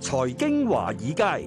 財經華爾街，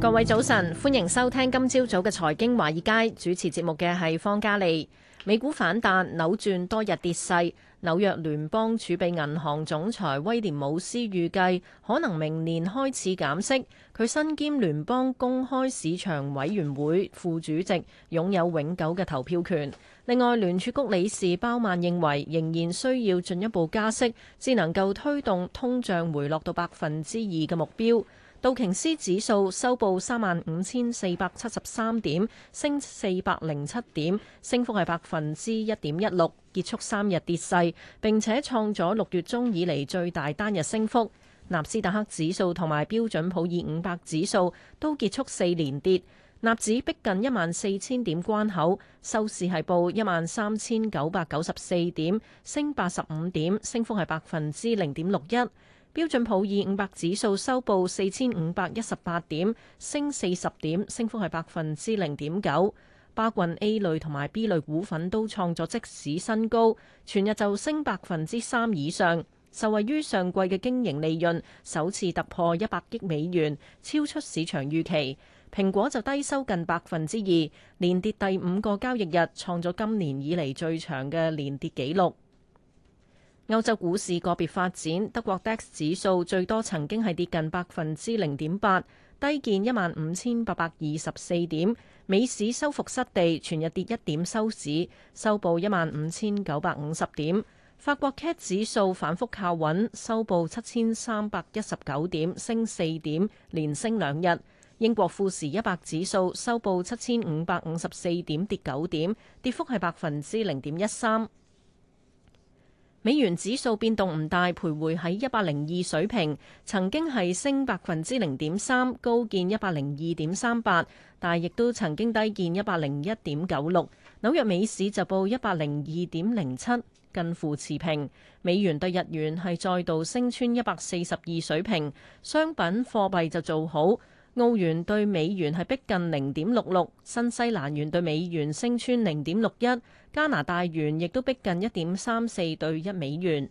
各位早晨，歡迎收聽今朝早嘅財經華爾街。主持節目嘅係方嘉利。美股反彈扭轉多日跌勢。紐約聯邦儲備銀行總裁威廉姆斯預計可能明年開始減息，佢身兼聯邦公開市場委員會副主席，擁有永久嘅投票權。另外，聯儲局理事包曼認為仍然需要進一步加息，至能夠推動通脹回落到百分之二嘅目標。道瓊斯指數收報三萬五千四百七十三點，升四百零七點，升幅係百分之一點一六，結束三日跌勢，並且創咗六月中以嚟最大單日升幅。納斯達克指數同埋標準普爾五百指數都結束四連跌，納指逼近一萬四千點關口，收市係報一萬三千九百九十四點，升八十五點，升幅係百分之零點六一。標準普爾五百指數收報四千五百一十八點，升四十點，升幅係百分之零點九。巴郡 A 類同埋 B 類股份都創咗即市新高，全日就升百分之三以上。受惠於上季嘅經營利潤，首次突破一百億美元，超出市場預期。蘋果就低收近百分之二，連跌第五個交易日，創咗今年以嚟最長嘅連跌紀錄。歐洲股市個別發展，德國 DAX 指數最多曾經係跌近百分之零點八，低見一萬五千八百二十四點。美市收復失地，全日跌一點收市，收報一萬五千九百五十點。法國 CAC 指數反復靠穩，收報七千三百一十九點，升四點，連升兩日。英國富時一百指數收報七千五百五十四點，跌九點，跌幅係百分之零點一三。美元指數變動唔大，徘徊喺一百零二水平，曾經係升百分之零點三，高見一百零二點三八，但亦都曾經低見一百零一點九六。紐約美市就報一百零二點零七，近乎持平。美元對日元係再度升穿一百四十二水平，商品貨幣就做好。澳元對美元係逼近零點六六，新西蘭元對美元升穿零點六一，加拿大元亦都逼近一點三四對一美元。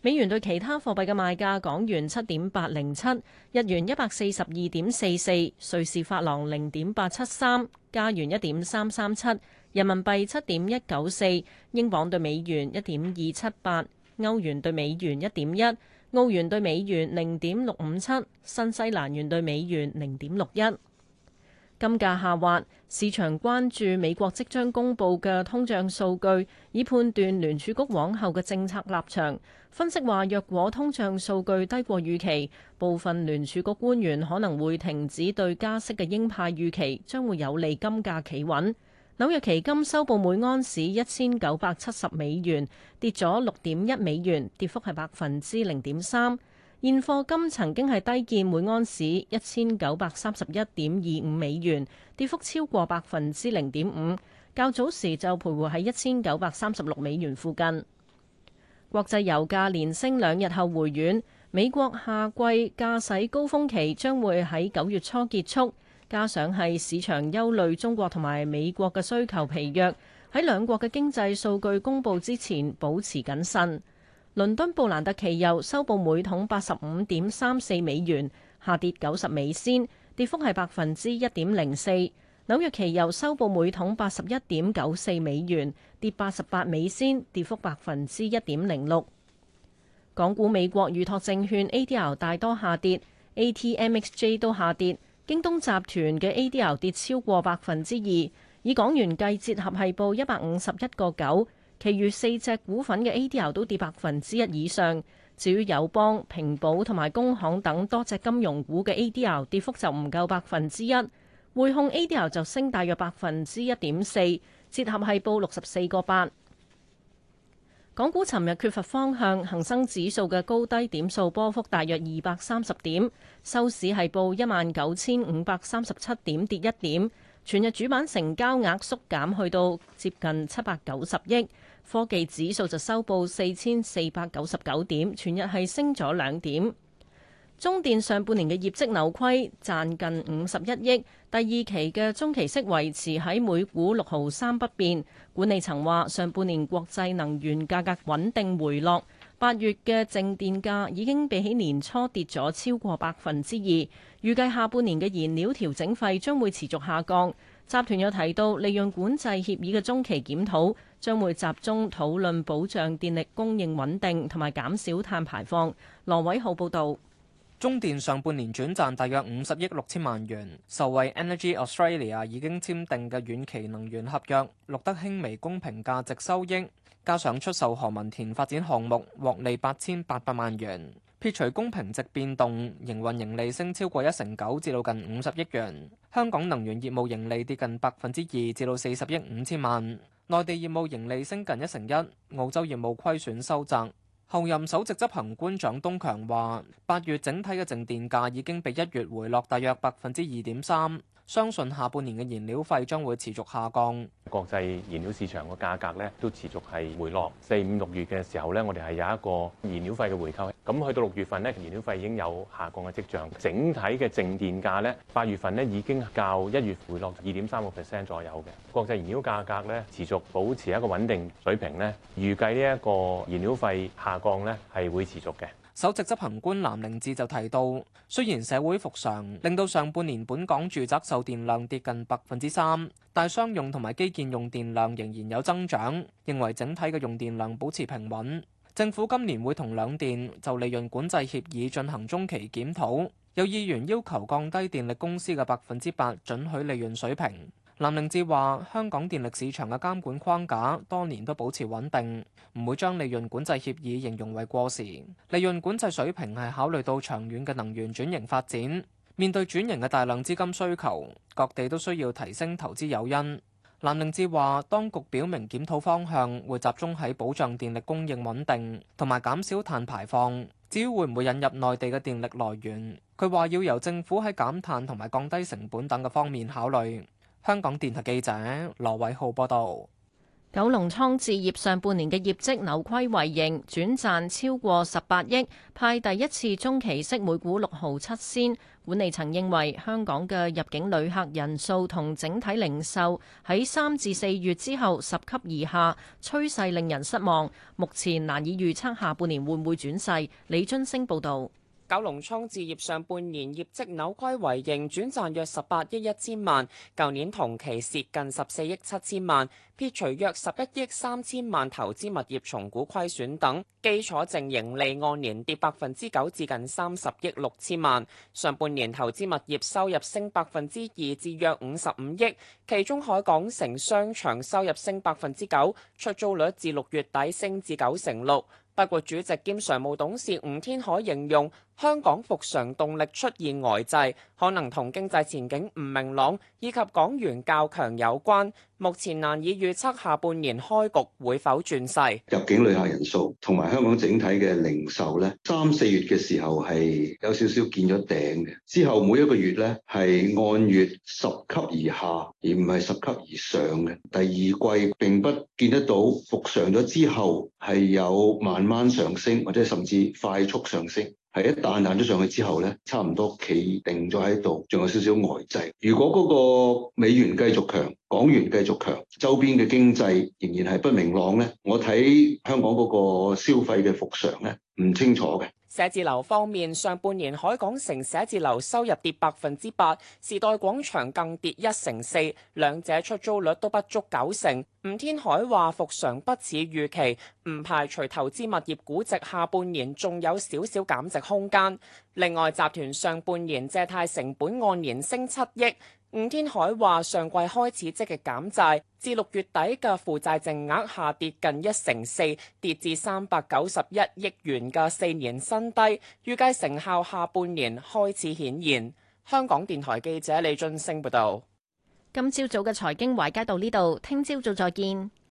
美元對其他貨幣嘅賣價：港元七點八零七，日元一百四十二點四四，瑞士法郎零點八七三，加元一點三三七，人民幣七點一九四，英鎊對美元一點二七八，歐元對美元一點一。澳元兌美元零點六五七，新西蘭元兌美元零點六一。金價下滑，市場關注美國即將公布嘅通脹數據，以判斷聯儲局往後嘅政策立場，分析話，若果通脹數據低過預期，部分聯儲局官員可能會停止對加息嘅鷹派預期，將會有利金價企穩。紐約期金收報每安士一千九百七十美元，跌咗六點一美元，跌幅係百分之零點三。現貨金曾經係低見每安士一千九百三十一點二五美元，跌幅超過百分之零點五。較早時就徘徊喺一千九百三十六美元附近。國際油價連升兩日後回軟，美國夏季駕駛高峰期將會喺九月初結束。加上係市場憂慮中國同埋美國嘅需求疲弱，喺兩國嘅經濟數據公布之前保持謹慎。倫敦布蘭特期油收報每桶八十五點三四美元，下跌九十美仙，跌幅係百分之一點零四。紐約期油收報每桶八十一點九四美元，跌八十八美仙，跌幅百分之一點零六。港股美國預託證券 ADR 大多下跌，ATMXJ 都下跌。京東集團嘅 ADR 跌超過百分之二，以港元計，折合係報一百五十一個九。其餘四隻股份嘅 ADR 都跌百分之一以上。至於友邦、平保同埋工行等多隻金融股嘅 ADR 跌幅就唔夠百分之一，匯控 ADR 就升大約百分之一點四，折合係報六十四個八。港股尋日缺乏方向，恒生指數嘅高低點數波幅大約二百三十點，收市係報一萬九千五百三十七點，跌一點。全日主板成交額縮減去到接近七百九十億，科技指數就收報四千四百九十九點，全日係升咗兩點。中電上半年嘅業績扭虧，賺近五十一億。第二期嘅中期息維持喺每股六毫三不變。管理層話，上半年國際能源價格穩定回落，八月嘅淨電價已經比起年初跌咗超過百分之二。預計下半年嘅燃料調整費將會持續下降。集團又提到，利用管制協議嘅中期檢討將會集中討論保障電力供應穩定同埋減少碳排放。羅偉浩報導。中電上半年轉賺大約五十億六千萬元，受惠 Energy Australia 已經簽訂嘅遠期能源合約，錄得輕微公平價值收益，加上出售何文田發展項目獲利八千八百萬元，撇除公平值變動，營運盈利升超過一成九，至到近五十億元。香港能源業務盈利跌近百分之二，至到四十億五千萬；內地業務盈利升近一成一，澳洲業務虧損收窄。後任首席執行官蔣東強話，八月整體嘅淨電價已經比一月回落大約百分之二點三。相信下半年嘅燃料費將會持續下降。國際燃料市場個價格咧都持續係回落。四五六月嘅時候咧，我哋係有一個燃料費嘅回購。咁去到六月份咧，燃料費已經有下降嘅跡象。整體嘅淨電價咧，八月份咧已經較一月回落二點三個 percent 左右嘅。國際燃料價格咧持續保持一個穩定水平咧，預計呢一個燃料費下降咧係會持續嘅。首席執行官藍寧志就提到，雖然社會復常令到上半年本港住宅售電量跌近百分之三，但商用同埋基建用電量仍然有增長，認為整體嘅用電量保持平穩。政府今年會同兩電就利潤管制協議進行中期檢討，有議員要求降低電力公司嘅百分之八準許利潤水平。林明志話：香港電力市場嘅監管框架多年都保持穩定，唔會將利潤管制協議形容為過時。利潤管制水平係考慮到長遠嘅能源轉型發展。面對轉型嘅大量資金需求，各地都需要提升投資誘因。藍寧志話，當局表明檢討方向會集中喺保障電力供應穩定同埋減少碳排放。至於會唔會引入內地嘅電力來源，佢話要由政府喺減碳同埋降低成本等嘅方面考慮。香港電台記者羅偉浩報道，九龍倉置業上半年嘅業績扭虧為盈，轉賺超過十八億，派第一次中期息每股六毫七仙。管理層認為香港嘅入境旅客人數同整體零售喺三至四月之後拾級而下趨勢令人失望，目前難以預測下半年會唔會轉勢。李津星報道。九龍倉置業上半年業績扭虧為盈，轉賺約十八億一千萬，舊年同期蝕近十四億七千萬，撇除約十一億三千萬投資物業重估虧損等，基礎淨盈利按年跌百分之九至近三十億六千萬。上半年投資物業收入升百分之二至約五十五億，其中海港城商場收入升百分之九，出租率至六月底升至九成六。不過主席兼常務董事吳天海形容香港復常動力出現呆滯，可能同經濟前景唔明朗以及港元較強有關。目前難以預測下半年開局會否轉勢。入境旅客人數同埋香港整體嘅零售咧，三四月嘅時候係有少少見咗頂嘅，之後每一個月咧係按月十級而下，而唔係十級而上嘅。第二季並不見得到復常咗之後係有慢慢上升，或者甚至快速上升。係一彈彈咗上去之後咧，差唔多企定咗喺度，仲有少少呆滯。如果嗰個美元繼續強，港元繼續強，周邊嘅經濟仍然係不明朗呢，我睇香港嗰個消費嘅復常呢，唔清楚嘅。寫字樓方面，上半年海港城寫字樓收入跌百分之八，時代廣場更跌一成四，兩者出租率都不足九成。吳天海話：復常不似預期，唔排除投資物業估值下半年仲有少少減值空間。另外，集團上半年借貸成本按年升七億。吳天海話：上季開始積極減債，至六月底嘅負債淨額下跌近一成四，跌至三百九十一億元嘅四年新低。預計成效下半年開始顯現。香港電台記者李俊升報道。今朝早嘅財經華爾街到呢度，聽朝早再見。